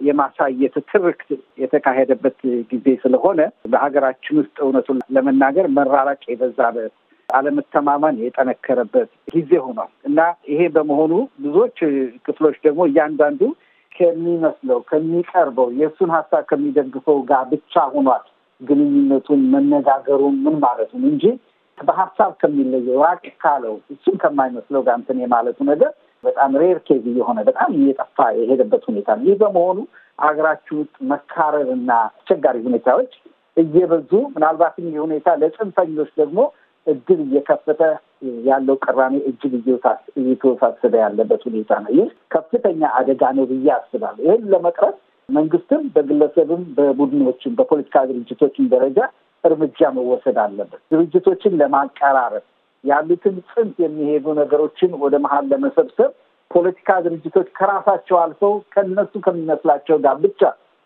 የማሳየት ትርክት የተካሄደበት ጊዜ ስለሆነ በሀገራችን ውስጥ እውነቱን ለመናገር መራራቅ የበዛበት አለመተማማን የጠነከረበት ጊዜ ሆኗል እና ይሄ በመሆኑ ብዙዎች ክፍሎች ደግሞ እያንዳንዱ ከሚመስለው ከሚቀርበው የእሱን ሀሳብ ከሚደግፈው ጋር ብቻ ሆኗል ግንኙነቱን መነጋገሩን ምን ማለቱን እንጂ በሀሳብ ከሚለየው ራቅ ካለው እሱም ከማይመስለው ጋር እንትን የማለቱ ነገር በጣም ሬር ኬዝ እየሆነ በጣም እየጠፋ የሄደበት ሁኔታ ነው። ይህ በመሆኑ አገራችሁ ውስጥ መካረር እና አስቸጋሪ ሁኔታዎች እየበዙ ምናልባትም ይህ ሁኔታ ለጽንፈኞች ደግሞ እድል እየከፈተ ያለው ቅራኔ እጅግ እየተወሳሰበ ያለበት ሁኔታ ነው። ይህ ከፍተኛ አደጋ ነው ብዬ አስባለሁ። ይህን ለመቅረፍ መንግስትም፣ በግለሰብም፣ በቡድኖችም፣ በፖለቲካ ድርጅቶችም ደረጃ እርምጃ መወሰድ አለበት። ድርጅቶችን ለማቀራረብ ያሉትን ጽንፍ የሚሄዱ ነገሮችን ወደ መሀል ለመሰብሰብ ፖለቲካ ድርጅቶች ከራሳቸው አልፈው ከነሱ ከሚመስላቸው ጋር ብቻ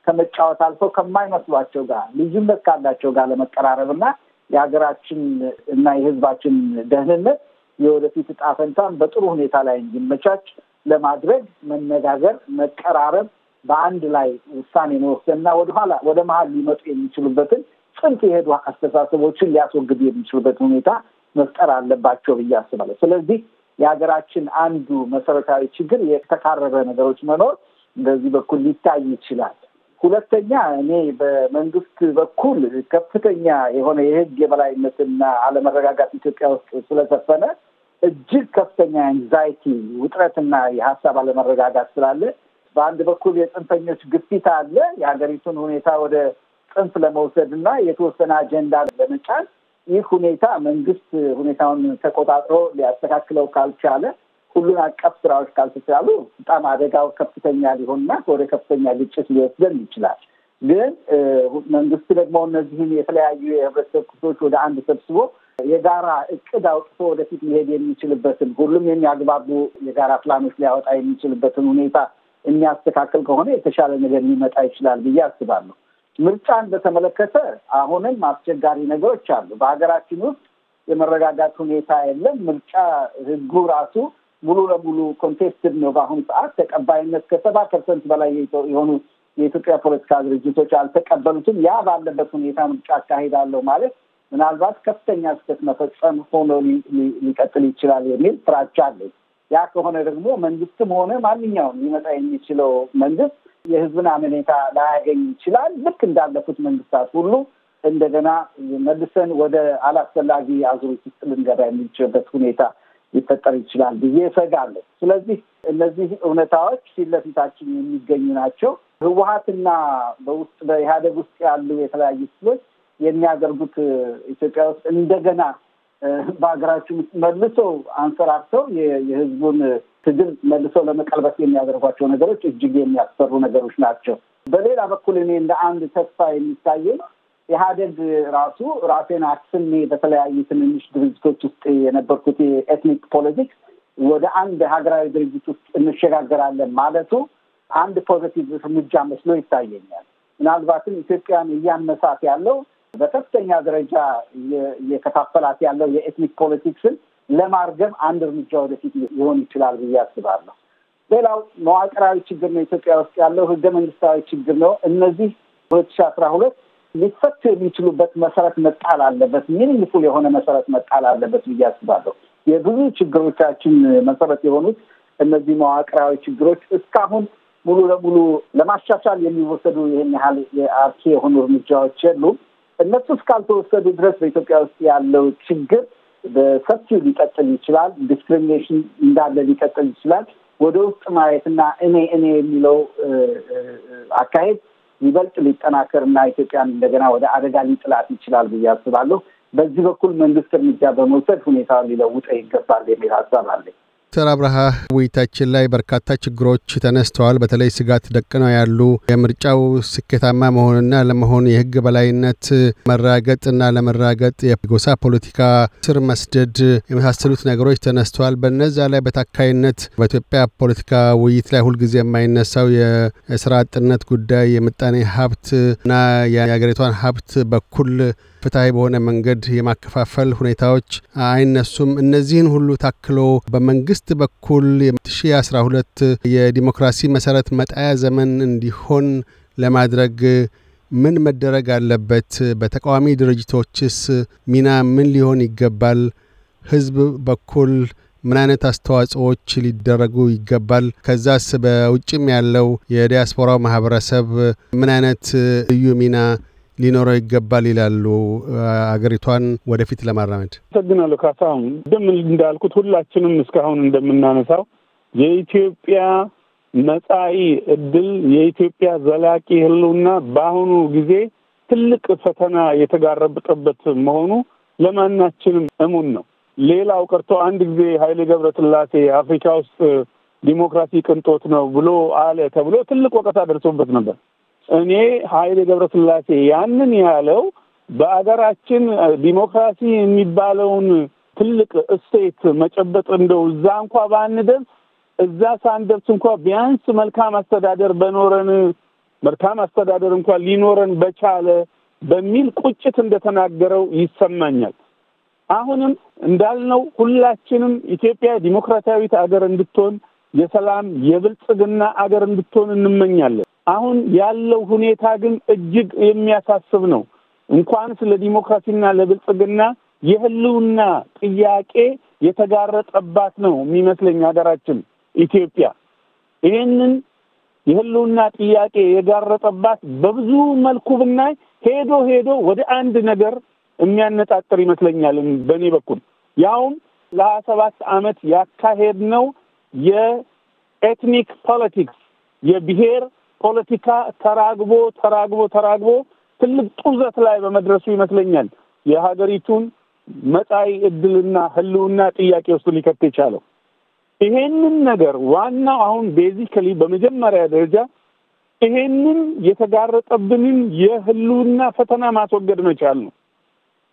ከመጫወት አልፈው ከማይመስሏቸው ጋር ልዩነት ካላቸው ጋር ለመቀራረብ እና የሀገራችን እና የሕዝባችን ደህንነት የወደፊት ጣፈንታን ፈንታን በጥሩ ሁኔታ ላይ እንዲመቻች ለማድረግ መነጋገር፣ መቀራረብ፣ በአንድ ላይ ውሳኔ መወሰንና ወደኋላ ወደ መሀል ሊመጡ የሚችሉበትን ጽንፍ የሄዱ አስተሳሰቦችን ሊያስወግዱ የሚችሉበት ሁኔታ መፍጠር አለባቸው ብዬ አስባለሁ። ስለዚህ የሀገራችን አንዱ መሰረታዊ ችግር የተካረረ ነገሮች መኖር በዚህ በኩል ሊታይ ይችላል። ሁለተኛ እኔ በመንግስት በኩል ከፍተኛ የሆነ የህግ የበላይነትና አለመረጋጋት ኢትዮጵያ ውስጥ ስለሰፈነ እጅግ ከፍተኛ አንዛይቲ ውጥረትና የሀሳብ አለመረጋጋት ስላለ በአንድ በኩል የጽንፈኞች ግፊት አለ። የሀገሪቱን ሁኔታ ወደ ጽንፍ ለመውሰድ እና የተወሰነ አጀንዳ ለመጫን ይህ ሁኔታ መንግስት ሁኔታውን ተቆጣጥሮ ሊያስተካክለው ካልቻለ ሁሉን አቀፍ ስራዎች ካልተቻሉ በጣም አደጋው ከፍተኛ ሊሆንና ወደ ከፍተኛ ግጭት ሊወስደን ይችላል። ግን መንግስት ደግሞ እነዚህን የተለያዩ የህብረተሰብ ክፍሎች ወደ አንድ ሰብስቦ የጋራ እቅድ አውጥቶ ወደፊት መሄድ የሚችልበትን ሁሉም የሚያግባቡ የጋራ ፕላኖች ሊያወጣ የሚችልበትን ሁኔታ የሚያስተካክል ከሆነ የተሻለ ነገር ሊመጣ ይችላል ብዬ አስባለሁ። ምርጫን በተመለከተ አሁንም አስቸጋሪ ነገሮች አሉ። በሀገራችን ውስጥ የመረጋጋት ሁኔታ የለም። ምርጫ ህጉ ራሱ ሙሉ ለሙሉ ኮንቴስትድ ነው። በአሁኑ ሰዓት ተቀባይነት ከሰባ ፐርሰንት በላይ የሆኑ የኢትዮጵያ ፖለቲካ ድርጅቶች አልተቀበሉትም። ያ ባለበት ሁኔታ ምርጫ አካሄዳለሁ ማለት ምናልባት ከፍተኛ ስህተት መፈጸም ሆኖ ሊቀጥል ይችላል የሚል ፍራቻ አለ። ያ ከሆነ ደግሞ መንግስትም ሆነ ማንኛውም ሊመጣ የሚችለው መንግስት የህዝብን አመኔታ ላያገኝ ይችላል። ልክ እንዳለፉት መንግስታት ሁሉ እንደገና መልሰን ወደ አላስፈላጊ አዙሪት ውስጥ ልንገባ የሚችልበት ሁኔታ ሊፈጠር ይችላል ብዬ እሰጋለሁ። ስለዚህ እነዚህ እውነታዎች ፊት ለፊታችን የሚገኙ ናቸው። ህወሀትና በውስጥ በኢህአደግ ውስጥ ያሉ የተለያዩ ክፍሎች የሚያደርጉት ኢትዮጵያ ውስጥ እንደገና በሀገራችን ውስጥ መልሶ አንሰራርተው የህዝቡን ትግል መልሶ ለመቀልበስ የሚያደርጓቸው ነገሮች እጅግ የሚያስፈሩ ነገሮች ናቸው። በሌላ በኩል እኔ እንደ አንድ ተስፋ የሚታየኝ ኢህአደግ ራሱ ራሴን አክስሜ በተለያዩ ትንንሽ ድርጅቶች ውስጥ የነበርኩት የኤትኒክ ፖለቲክስ ወደ አንድ ሀገራዊ ድርጅት ውስጥ እንሸጋገራለን ማለቱ አንድ ፖዘቲቭ እርምጃ መስሎ ይታየኛል። ምናልባትም ኢትዮጵያን እያነሳት ያለው በከፍተኛ ደረጃ እየከፋፈላት ያለው የኤትኒክ ፖለቲክስን ለማርገብ አንድ እርምጃ ወደፊት ሊሆን ይችላል ብዬ አስባለሁ። ሌላው መዋቅራዊ ችግር ነው ኢትዮጵያ ውስጥ ያለው ህገ መንግስታዊ ችግር ነው። እነዚህ ሁለት ሺ አስራ ሁለት ሊፈቱ የሚችሉበት መሰረት መጣል አለበት፣ ሚኒንግፉል የሆነ መሰረት መጣል አለበት ብዬ አስባለሁ። የብዙ ችግሮቻችን መሰረት የሆኑት እነዚህ መዋቅራዊ ችግሮች እስካሁን ሙሉ ለሙሉ ለማሻሻል የሚወሰዱ ይህን ያህል የአርኪ የሆኑ እርምጃዎች የሉም። እነሱ እስካልተወሰዱ ድረስ በኢትዮጵያ ውስጥ ያለው ችግር በሰፊው ሊቀጥል ይችላል። ዲስክሪሚኔሽን እንዳለ ሊቀጥል ይችላል። ወደ ውስጥ ማየትና እኔ እኔ የሚለው አካሄድ ይበልጥ ሊጠናከርና ኢትዮጵያን እንደገና ወደ አደጋ ሊጥላት ይችላል ብዬ አስባለሁ። በዚህ በኩል መንግስት እርምጃ በመውሰድ ሁኔታ ሊለውጠ ይገባል የሚል ሀሳብ አለኝ። ዶክተር አብርሃ ውይይታችን ላይ በርካታ ችግሮች ተነስተዋል። በተለይ ስጋት ደቅነው ያሉ የምርጫው ስኬታማ መሆንና ለመሆን የህግ በላይነት መራገጥና ለመራገጥ የጎሳ ፖለቲካ ስር መስደድ የመሳሰሉት ነገሮች ተነስተዋል። በነዛ ላይ በታካይነት በኢትዮጵያ ፖለቲካ ውይይት ላይ ሁልጊዜ የማይነሳው የስራ አጥነት ጉዳይ የምጣኔ ሀብት እና የሀገሪቷን ሀብት በኩል ፍትሐዊ በሆነ መንገድ የማከፋፈል ሁኔታዎች አይነሱም። እነዚህን ሁሉ ታክሎ በመንግስት በኩል የ2012 የዲሞክራሲ መሰረት መጣያ ዘመን እንዲሆን ለማድረግ ምን መደረግ አለበት? በተቃዋሚ ድርጅቶችስ ሚና ምን ሊሆን ይገባል? ህዝብ በኩል ምን አይነት አስተዋጽኦዎች ሊደረጉ ይገባል? ከዛስ በውጭም ያለው የዲያስፖራው ማህበረሰብ ምን አይነት ልዩ ሚና ሊኖረው ይገባል ይላሉ አገሪቷን ወደፊት ለማራመድ? አመሰግናለሁ ካሳሁን። ደም እንዳልኩት ሁላችንም እስካሁን እንደምናነሳው የኢትዮጵያ መጻኢ እድል የኢትዮጵያ ዘላቂ ህልውና በአሁኑ ጊዜ ትልቅ ፈተና የተጋረጠበት መሆኑ ለማናችንም እሙን ነው። ሌላው ቀርቶ አንድ ጊዜ ኃይሌ ገብረስላሴ አፍሪካ ውስጥ ዲሞክራሲ ቅንጦት ነው ብሎ አለ ተብሎ ትልቅ ወቀሳ ደርሶበት ነበር። እኔ ኃይሌ ገብረስላሴ ያንን ያለው በአገራችን ዲሞክራሲ የሚባለውን ትልቅ እሴት መጨበጥ እንደው እዛ እንኳ ባንደርስ እዛ ሳንደርስ እንኳ ቢያንስ መልካም አስተዳደር በኖረን መልካም አስተዳደር እንኳ ሊኖረን በቻለ በሚል ቁጭት እንደተናገረው ይሰማኛል። አሁንም እንዳልነው ሁላችንም ኢትዮጵያ ዲሞክራሲያዊት አገር እንድትሆን የሰላም የብልጽግና አገር እንድትሆን እንመኛለን። አሁን ያለው ሁኔታ ግን እጅግ የሚያሳስብ ነው። እንኳንስ ለዲሞክራሲና ለብልጽግና የህልውና ጥያቄ የተጋረጠባት ነው የሚመስለኝ ሀገራችን ኢትዮጵያ። ይህንን የህልውና ጥያቄ የጋረጠባት በብዙ መልኩ ብናይ ሄዶ ሄዶ ወደ አንድ ነገር የሚያነጣጥር ይመስለኛል በእኔ በኩል ያውም ለሀያ ሰባት አመት ያካሄድ ነው የኤትኒክ ፖለቲክስ የብሔር ፖለቲካ ተራግቦ ተራግቦ ተራግቦ ትልቅ ጡዘት ላይ በመድረሱ ይመስለኛል የሀገሪቱን መጻኢ እድልና ህልውና ጥያቄ ውስጥ ሊከት የቻለው። ይሄንን ነገር ዋናው አሁን ቤዚካሊ በመጀመሪያ ደረጃ ይሄንን የተጋረጠብንን የህልውና ፈተና ማስወገድ መቻል ነው።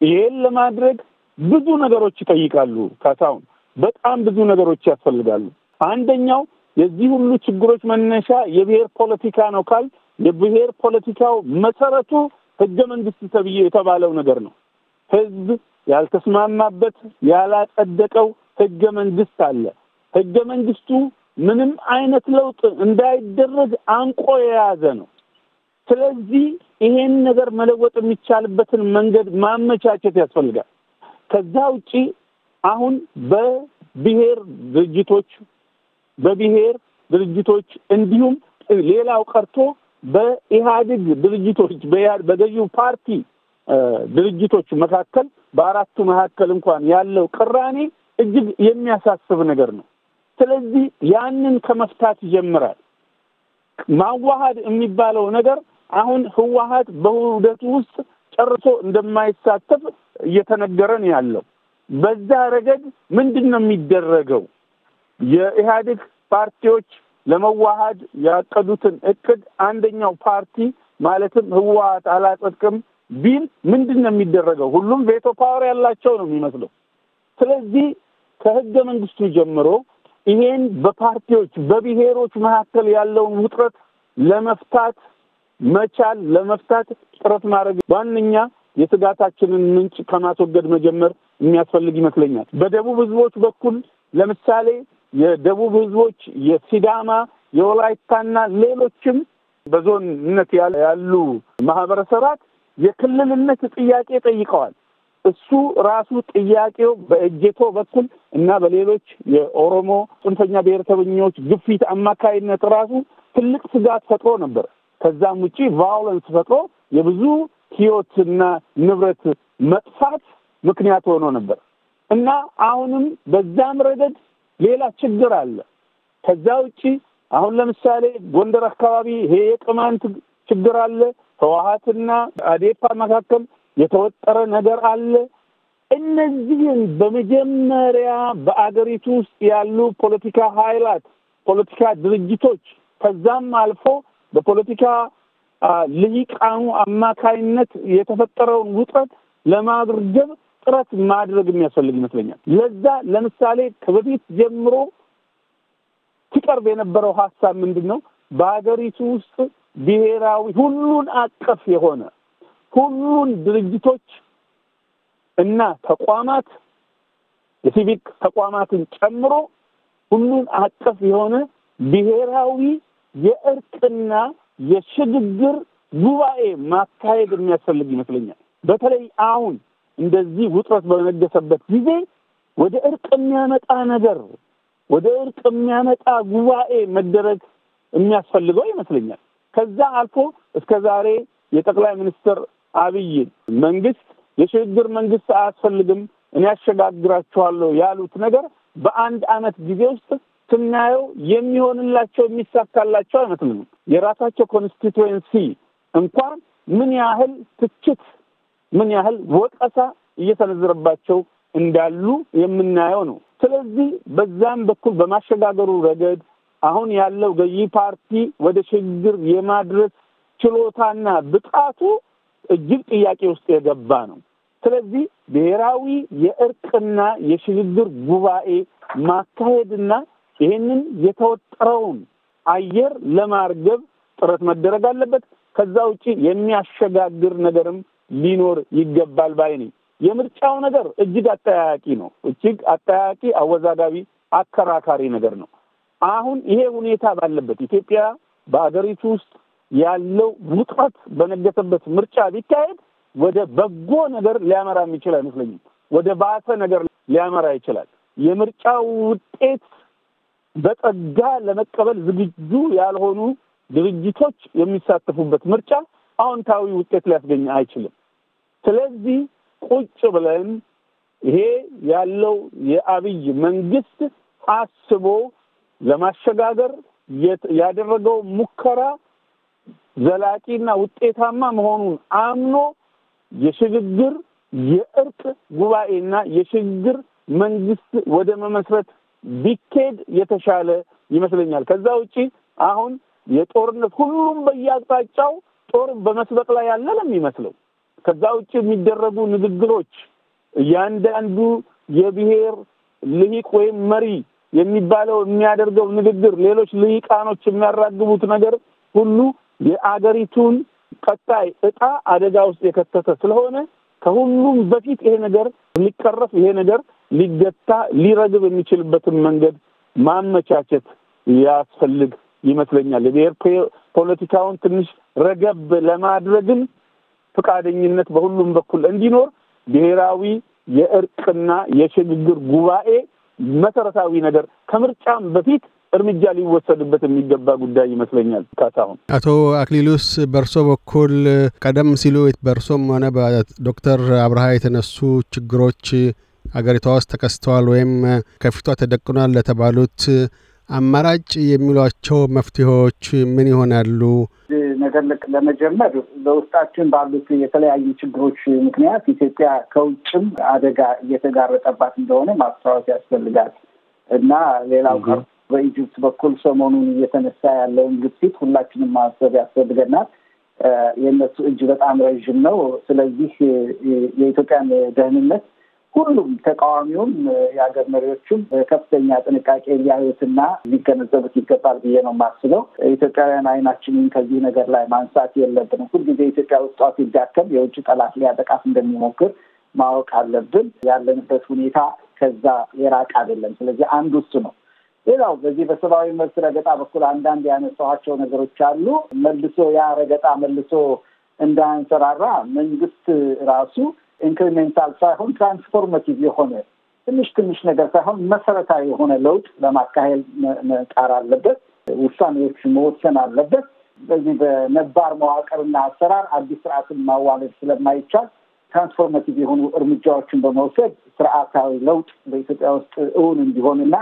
ይሄን ለማድረግ ብዙ ነገሮች ይጠይቃሉ። ካሳሁን በጣም ብዙ ነገሮች ያስፈልጋሉ። አንደኛው የዚህ ሁሉ ችግሮች መነሻ የብሔር ፖለቲካ ነው ካል የብሔር ፖለቲካው መሰረቱ ህገ መንግስት ተብዬ የተባለው ነገር ነው። ህዝብ ያልተስማማበት ያላጸደቀው ህገ መንግስት አለ። ህገ መንግስቱ ምንም አይነት ለውጥ እንዳይደረግ አንቆ የያዘ ነው። ስለዚህ ይሄን ነገር መለወጥ የሚቻልበትን መንገድ ማመቻቸት ያስፈልጋል። ከዛ ውጪ አሁን በብሔር ድርጅቶች በብሔር ድርጅቶች እንዲሁም ሌላው ቀርቶ በኢህአዴግ ድርጅቶች በገዢው ፓርቲ ድርጅቶች መካከል በአራቱ መካከል እንኳን ያለው ቅራኔ እጅግ የሚያሳስብ ነገር ነው። ስለዚህ ያንን ከመፍታት ይጀምራል። ማዋሃድ የሚባለው ነገር አሁን ህዋሃት በውህደቱ ውስጥ ጨርሶ እንደማይሳተፍ እየተነገረን ያለው በዛ ረገድ ምንድን ነው የሚደረገው? የኢህአዴግ ፓርቲዎች ለመዋሃድ ያቀዱትን እቅድ አንደኛው ፓርቲ ማለትም ህወሀት አላጸድቅም ቢል ምንድን ነው የሚደረገው? ሁሉም ቬቶ ፓወር ያላቸው ነው የሚመስለው። ስለዚህ ከህገ መንግስቱ ጀምሮ ይሄን በፓርቲዎች በብሔሮች መካከል ያለውን ውጥረት ለመፍታት መቻል ለመፍታት ጥረት ማድረግ ዋነኛ የስጋታችንን ምንጭ ከማስወገድ መጀመር የሚያስፈልግ ይመስለኛል። በደቡብ ህዝቦች በኩል ለምሳሌ የደቡብ ህዝቦች፣ የሲዳማ፣ የወላይታና ሌሎችም በዞንነት ያሉ ማህበረሰባት የክልልነት ጥያቄ ጠይቀዋል። እሱ ራሱ ጥያቄው በእጀቶ በኩል እና በሌሎች የኦሮሞ ጽንፈኛ ብሔረሰበኞች ግፊት አማካይነት ራሱ ትልቅ ስጋት ፈጥሮ ነበር። ከዛም ውጪ ቫዮለንስ ፈጥሮ የብዙ ህይወትና ንብረት መጥፋት ምክንያት ሆኖ ነበር እና አሁንም በዛም ረገድ ሌላ ችግር አለ። ከዛ ውጪ አሁን ለምሳሌ ጎንደር አካባቢ ይሄ የቅማንት ችግር አለ። ህወሀትና አዴፓ መካከል የተወጠረ ነገር አለ። እነዚህን በመጀመሪያ በአገሪቱ ውስጥ ያሉ ፖለቲካ ኃይላት፣ ፖለቲካ ድርጅቶች ከዛም አልፎ በፖለቲካ ልሂቃኑ አማካይነት የተፈጠረውን ውጥረት ለማርገብ ጥረት ማድረግ የሚያስፈልግ ይመስለኛል። ለዛ ለምሳሌ ከበፊት ጀምሮ ሲቀርብ የነበረው ሀሳብ ምንድን ነው? በሀገሪቱ ውስጥ ብሔራዊ ሁሉን አቀፍ የሆነ ሁሉን ድርጅቶች እና ተቋማት የሲቪክ ተቋማትን ጨምሮ ሁሉን አቀፍ የሆነ ብሔራዊ የእርቅና የሽግግር ጉባኤ ማካሄድ የሚያስፈልግ ይመስለኛል። በተለይ አሁን እንደዚህ ውጥረት በነገሰበት ጊዜ ወደ እርቅ የሚያመጣ ነገር ወደ እርቅ የሚያመጣ ጉባኤ መደረግ የሚያስፈልገው ይመስለኛል። ከዛ አልፎ እስከ ዛሬ የጠቅላይ ሚኒስትር አብይ መንግስት የሽግግር መንግስት አያስፈልግም እኔ ያሸጋግራችኋለሁ ያሉት ነገር በአንድ አመት ጊዜ ውስጥ ስናየው የሚሆንላቸው የሚሳካላቸው አይመስልም። የራሳቸው ኮንስቲትዌንሲ እንኳን ምን ያህል ትችት ምን ያህል ወቀሳ እየሰነዘረባቸው እንዳሉ የምናየው ነው። ስለዚህ በዛም በኩል በማሸጋገሩ ረገድ አሁን ያለው ገዢ ፓርቲ ወደ ሽግግር የማድረስ ችሎታና ብቃቱ እጅግ ጥያቄ ውስጥ የገባ ነው። ስለዚህ ብሔራዊ የእርቅና የሽግግር ጉባኤ ማካሄድና ይህንን የተወጠረውን አየር ለማርገብ ጥረት መደረግ አለበት። ከዛ ውጪ የሚያሸጋግር ነገርም ሊኖር ይገባል ባይ ነኝ። የምርጫው ነገር እጅግ አጠያያቂ ነው። እጅግ አጠያያቂ፣ አወዛጋቢ፣ አከራካሪ ነገር ነው። አሁን ይሄ ሁኔታ ባለበት ኢትዮጵያ በአገሪቱ ውስጥ ያለው ውጥረት በነገሰበት ምርጫ ቢካሄድ ወደ በጎ ነገር ሊያመራ የሚችል አይመስለኝም። ወደ ባሰ ነገር ሊያመራ ይችላል። የምርጫው ውጤት በጸጋ ለመቀበል ዝግጁ ያልሆኑ ድርጅቶች የሚሳተፉበት ምርጫ አዎንታዊ ውጤት ሊያስገኝ አይችልም። ስለዚህ ቁጭ ብለን ይሄ ያለው የአብይ መንግስት አስቦ ለማሸጋገር ያደረገው ሙከራ ዘላቂና ውጤታማ መሆኑን አምኖ የሽግግር የእርቅ ጉባኤና የሽግግር መንግስት ወደ መመስረት ቢኬድ የተሻለ ይመስለኛል። ከዛ ውጪ አሁን የጦርነት ሁሉም በየአቅጣጫው ጦር በመስበቅ ላይ ያለ ነው የሚመስለው። ከዛ ውጭ የሚደረጉ ንግግሮች እያንዳንዱ የብሔር ልሂቅ ወይም መሪ የሚባለው የሚያደርገው ንግግር ሌሎች ልሂቃኖች የሚያራግቡት ነገር ሁሉ የአገሪቱን ቀጣይ እጣ አደጋ ውስጥ የከተተ ስለሆነ ከሁሉም በፊት ይሄ ነገር ሊቀረፍ ይሄ ነገር ሊገታ ሊረግብ የሚችልበትን መንገድ ማመቻቸት ያስፈልግ ይመስለኛል። የብሔር ፖለቲካውን ትንሽ ረገብ ለማድረግም ፈቃደኝነት በሁሉም በኩል እንዲኖር ብሔራዊ የእርቅና የሽግግር ጉባኤ መሰረታዊ ነገር ከምርጫም በፊት እርምጃ ሊወሰድበት የሚገባ ጉዳይ ይመስለኛል። ካሳሁን፣ አቶ አክሊሉስ በእርሶ በኩል ቀደም ሲሉ በእርሶም ሆነ በዶክተር አብርሃ የተነሱ ችግሮች አገሪቷ ውስጥ ተከስተዋል ወይም ከፊቷ ተደቅኗል ለተባሉት አማራጭ የሚሏቸው መፍትሄዎች ምን ይሆናሉ? ነገር ለመጀመር በውስጣችን ባሉት የተለያዩ ችግሮች ምክንያት ኢትዮጵያ ከውጭም አደጋ እየተጋረጠባት እንደሆነ ማስታወስ ያስፈልጋል እና ሌላው ቀርቶ በኢጅፕት በኩል ሰሞኑን እየተነሳ ያለውን ግፊት ሁላችንም ማሰብ ያስፈልገናል። የእነሱ እጅ በጣም ረዥም ነው። ስለዚህ የኢትዮጵያን ደህንነት ሁሉም ተቃዋሚውም የሀገር መሪዎችም ከፍተኛ ጥንቃቄ ሊያዩትና ሊገነዘቡት ይገባል ብዬ ነው የማስበው። ኢትዮጵያውያን አይናችንን ከዚህ ነገር ላይ ማንሳት የለብንም። ሁልጊዜ ኢትዮጵያ ውስጧ ሲዳከም የውጭ ጠላት ሊያጠቃት እንደሚሞክር ማወቅ አለብን። ያለንበት ሁኔታ ከዛ የራቅ አይደለም። ስለዚህ አንዱ እሱ ነው። ሌላው በዚህ በሰብአዊ መብት ረገጣ በኩል አንዳንድ ያነሳኋቸው ነገሮች አሉ። መልሶ ያ ረገጣ መልሶ እንዳያንሰራራ መንግስት ራሱ ኢንክሪሜንታል ሳይሆን ትራንስፎርማቲቭ የሆነ ትንሽ ትንሽ ነገር ሳይሆን መሰረታዊ የሆነ ለውጥ ለማካሄድ መጣር አለበት። ውሳኔዎች መወሰን አለበት። በዚህ በነባር መዋቅርና አሰራር አዲስ ስርዓትን ማዋለድ ስለማይቻል ትራንስፎርማቲቭ የሆኑ እርምጃዎችን በመውሰድ ስርዓታዊ ለውጥ በኢትዮጵያ ውስጥ እውን እንዲሆንና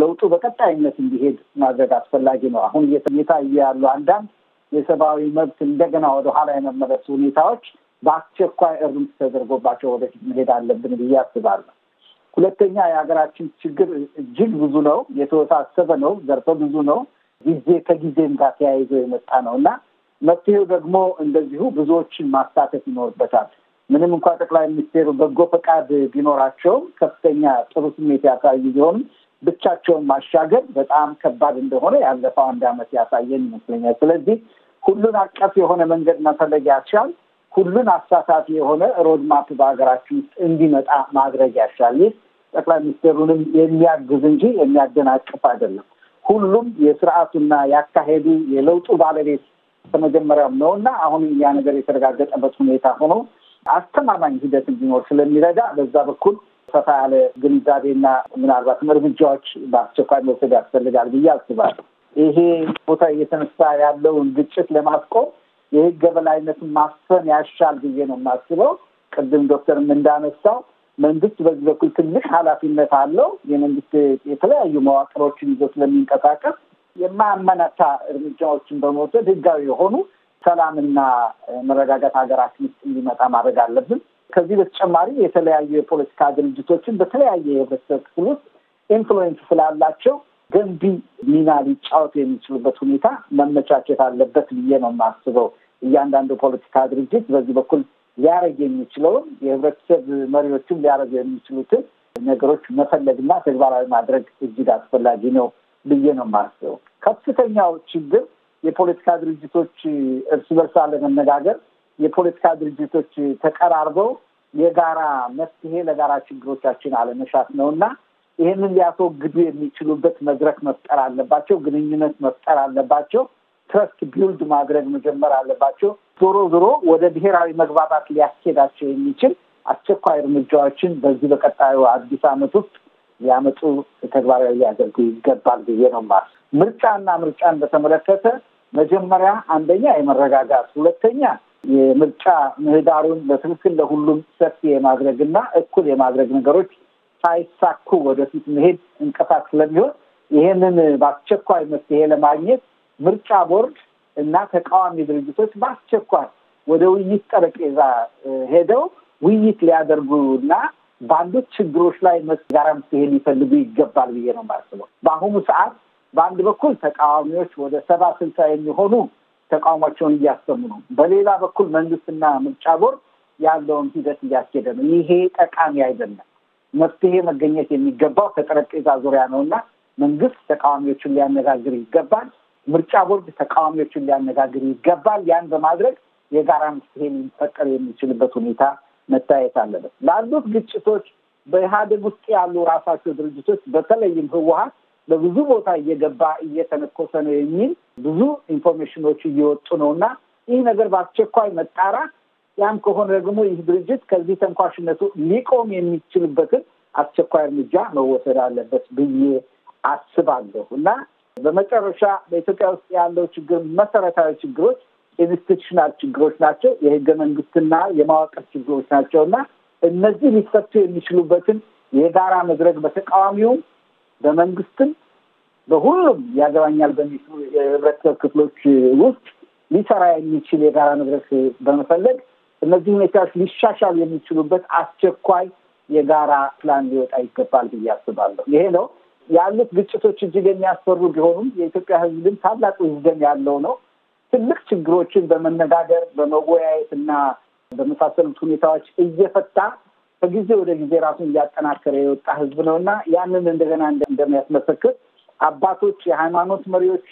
ለውጡ በቀጣይነት እንዲሄድ ማድረግ አስፈላጊ ነው። አሁን እየታየ ያሉ አንዳንድ የሰብአዊ መብት እንደገና ወደኋላ የመመለሱ ሁኔታዎች በአስቸኳይ እርምት ተደርጎባቸው ወደፊት መሄድ አለብን ብዬ አስባለሁ። ሁለተኛ የሀገራችን ችግር እጅግ ብዙ ነው፣ የተወሳሰበ ነው፣ ዘርፈ ብዙ ነው። ጊዜ ከጊዜም ጋር ተያይዞ የመጣ ነው እና መፍትሄው ደግሞ እንደዚሁ ብዙዎችን ማሳተፍ ይኖርበታል። ምንም እንኳ ጠቅላይ ሚኒስቴሩ በጎ ፈቃድ ቢኖራቸውም ከፍተኛ ጥሩ ስሜት ያሳዩ ቢሆንም ብቻቸውን ማሻገር በጣም ከባድ እንደሆነ ያለፈው አንድ ዓመት ያሳየን ይመስለኛል። ስለዚህ ሁሉን አቀፍ የሆነ መንገድ መፈለግ ያስቻል ሁሉን አሳታፊ የሆነ ሮድማፕ በሀገራችን ውስጥ እንዲመጣ ማድረግ ያሻል። ይህ ጠቅላይ ሚኒስትሩንም የሚያግዝ እንጂ የሚያደናቅፍ አይደለም። ሁሉም የስርዓቱና ያካሄዱ የለውጡ ባለቤት ከመጀመሪያም ነው እና አሁንም ያ ነገር የተረጋገጠበት ሁኔታ ሆኖ አስተማማኝ ሂደት እንዲኖር ስለሚረዳ በዛ በኩል ሰፋ ያለ ግንዛቤና ምናልባትም እርምጃዎች በአስቸኳይ መውሰድ ያስፈልጋል ብዬ አስባለሁ። ይሄ ቦታ እየተነሳ ያለውን ግጭት ለማስቆም የህግ በላይነትን ማስፈን ያሻል ብዬ ነው የማስበው። ቅድም ዶክተርም እንዳነሳው መንግስት በዚህ በኩል ትልቅ ኃላፊነት አለው። የመንግስት የተለያዩ መዋቅሮችን ይዞ ስለሚንቀሳቀስ የማያመነታ እርምጃዎችን በመውሰድ ህጋዊ የሆኑ ሰላምና መረጋጋት ሀገራችን ውስጥ እንዲመጣ ማድረግ አለብን። ከዚህ በተጨማሪ የተለያዩ የፖለቲካ ድርጅቶችን በተለያየ የህብረተሰብ ክፍል ውስጥ ኢንፍሉዌንስ ስላላቸው ገንቢ ሚና ሊጫወቱ የሚችሉበት ሁኔታ መመቻቸት አለበት ብዬ ነው የማስበው። እያንዳንዱ ፖለቲካ ድርጅት በዚህ በኩል ሊያደረግ የሚችለውን የህብረተሰብ መሪዎችም ሊያደርጉ የሚችሉትን ነገሮች መፈለግና ተግባራዊ ማድረግ እጅግ አስፈላጊ ነው ብዬ ነው የማስበው። ከፍተኛው ችግር የፖለቲካ ድርጅቶች እርስ በርስ አለመነጋገር፣ የፖለቲካ ድርጅቶች ተቀራርበው የጋራ መፍትሄ ለጋራ ችግሮቻችን አለመሻት ነው እና ይህንን ሊያስወግዱ የሚችሉበት መድረክ መፍጠር አለባቸው። ግንኙነት መፍጠር አለባቸው። ትረስት ቢውልድ ማድረግ መጀመር አለባቸው። ዞሮ ዞሮ ወደ ብሔራዊ መግባባት ሊያስኬዳቸው የሚችል አስቸኳይ እርምጃዎችን በዚህ በቀጣዩ አዲስ ዓመት ውስጥ ሊያመጡ ተግባራዊ ሊያደርጉ ይገባል ብዬ ነው ማ ምርጫና ምርጫን በተመለከተ መጀመሪያ አንደኛ የመረጋጋት ሁለተኛ የምርጫ ምህዳሩን በትክክል ለሁሉም ሰፊ የማድረግና እኩል የማድረግ ነገሮች ሳይሳኩ ወደፊት መሄድ እንቅፋት ስለሚሆን ይሄንን በአስቸኳይ መፍትሄ ለማግኘት ምርጫ ቦርድ እና ተቃዋሚ ድርጅቶች በአስቸኳይ ወደ ውይይት ጠረጴዛ ሄደው ውይይት ሊያደርጉ እና ባሉት ችግሮች ላይ መጋራ መፍትሄ ሊፈልጉ ይገባል ብዬ ነው የማስበው። በአሁኑ ሰዓት በአንድ በኩል ተቃዋሚዎች ወደ ሰባ ስልሳ የሚሆኑ ተቃውሟቸውን እያሰሙ ነው። በሌላ በኩል መንግስትና ምርጫ ቦርድ ያለውን ሂደት እያስኬደ ነው። ይሄ ጠቃሚ አይደለም። መፍትሄ መገኘት የሚገባው ከጠረጴዛ ዙሪያ ነው እና መንግስት ተቃዋሚዎቹን ሊያነጋግር ይገባል። ምርጫ ቦርድ ተቃዋሚዎቹን ሊያነጋግር ይገባል። ያን በማድረግ የጋራ መፍትሄ ሊፈጠር የሚችልበት ሁኔታ መታየት አለበት። ላሉት ግጭቶች በኢህአዴግ ውስጥ ያሉ ራሳቸው ድርጅቶች በተለይም ህወሀት በብዙ ቦታ እየገባ እየተነኮሰ ነው የሚል ብዙ ኢንፎርሜሽኖች እየወጡ ነው እና ይህ ነገር በአስቸኳይ መጣራት ያም ከሆነ ደግሞ ይህ ድርጅት ከዚህ ተንኳሽነቱ ሊቆም የሚችልበትን አስቸኳይ እርምጃ መወሰድ አለበት ብዬ አስባለሁ እና በመጨረሻ በኢትዮጵያ ውስጥ ያለው ችግር መሰረታዊ ችግሮች ኢንስቲቱሽናል ችግሮች ናቸው። የህገ መንግስትና የማዋቀር ችግሮች ናቸው እና እነዚህ ሊፈቱ የሚችሉበትን የጋራ መድረክ በተቃዋሚውም በመንግስትም በሁሉም ያገባኛል በሚሉ የህብረተሰብ ክፍሎች ውስጥ ሊሰራ የሚችል የጋራ መድረክ በመፈለግ እነዚህ ሁኔታዎች ሊሻሻል የሚችሉበት አስቸኳይ የጋራ ፕላን ሊወጣ ይገባል ብዬ አስባለሁ። ይሄ ነው ያሉት ግጭቶች እጅግ የሚያስፈሩ ቢሆኑም የኢትዮጵያ ሕዝብም ታላቅ ውዝደም ያለው ነው። ትልቅ ችግሮችን በመነጋገር በመወያየት እና በመሳሰሉት ሁኔታዎች እየፈታ ከጊዜ ወደ ጊዜ ራሱን እያጠናከረ የወጣ ሕዝብ ነው እና ያንን እንደገና እንደሚያስመሰክር አባቶች፣ የሃይማኖት መሪዎች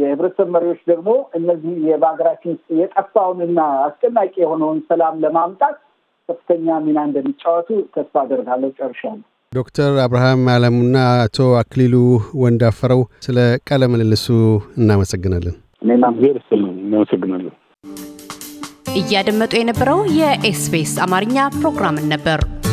የህብረተሰብ መሪዎች ደግሞ እነዚህ በሀገራችን የጠፋውንና አስጨናቂ የሆነውን ሰላም ለማምጣት ከፍተኛ ሚና እንደሚጫወቱ ተስፋ አደርጋለሁ። ጨርሻለሁ። ዶክተር አብርሃም አለሙና አቶ አክሊሉ ወንዳፈረው ስለ ቃለ ምልልሱ እናመሰግናለን። እኔም እግዜር ስል እናመሰግናለሁ። እያደመጡ የነበረው የኤስቢኤስ አማርኛ ፕሮግራምን ነበር።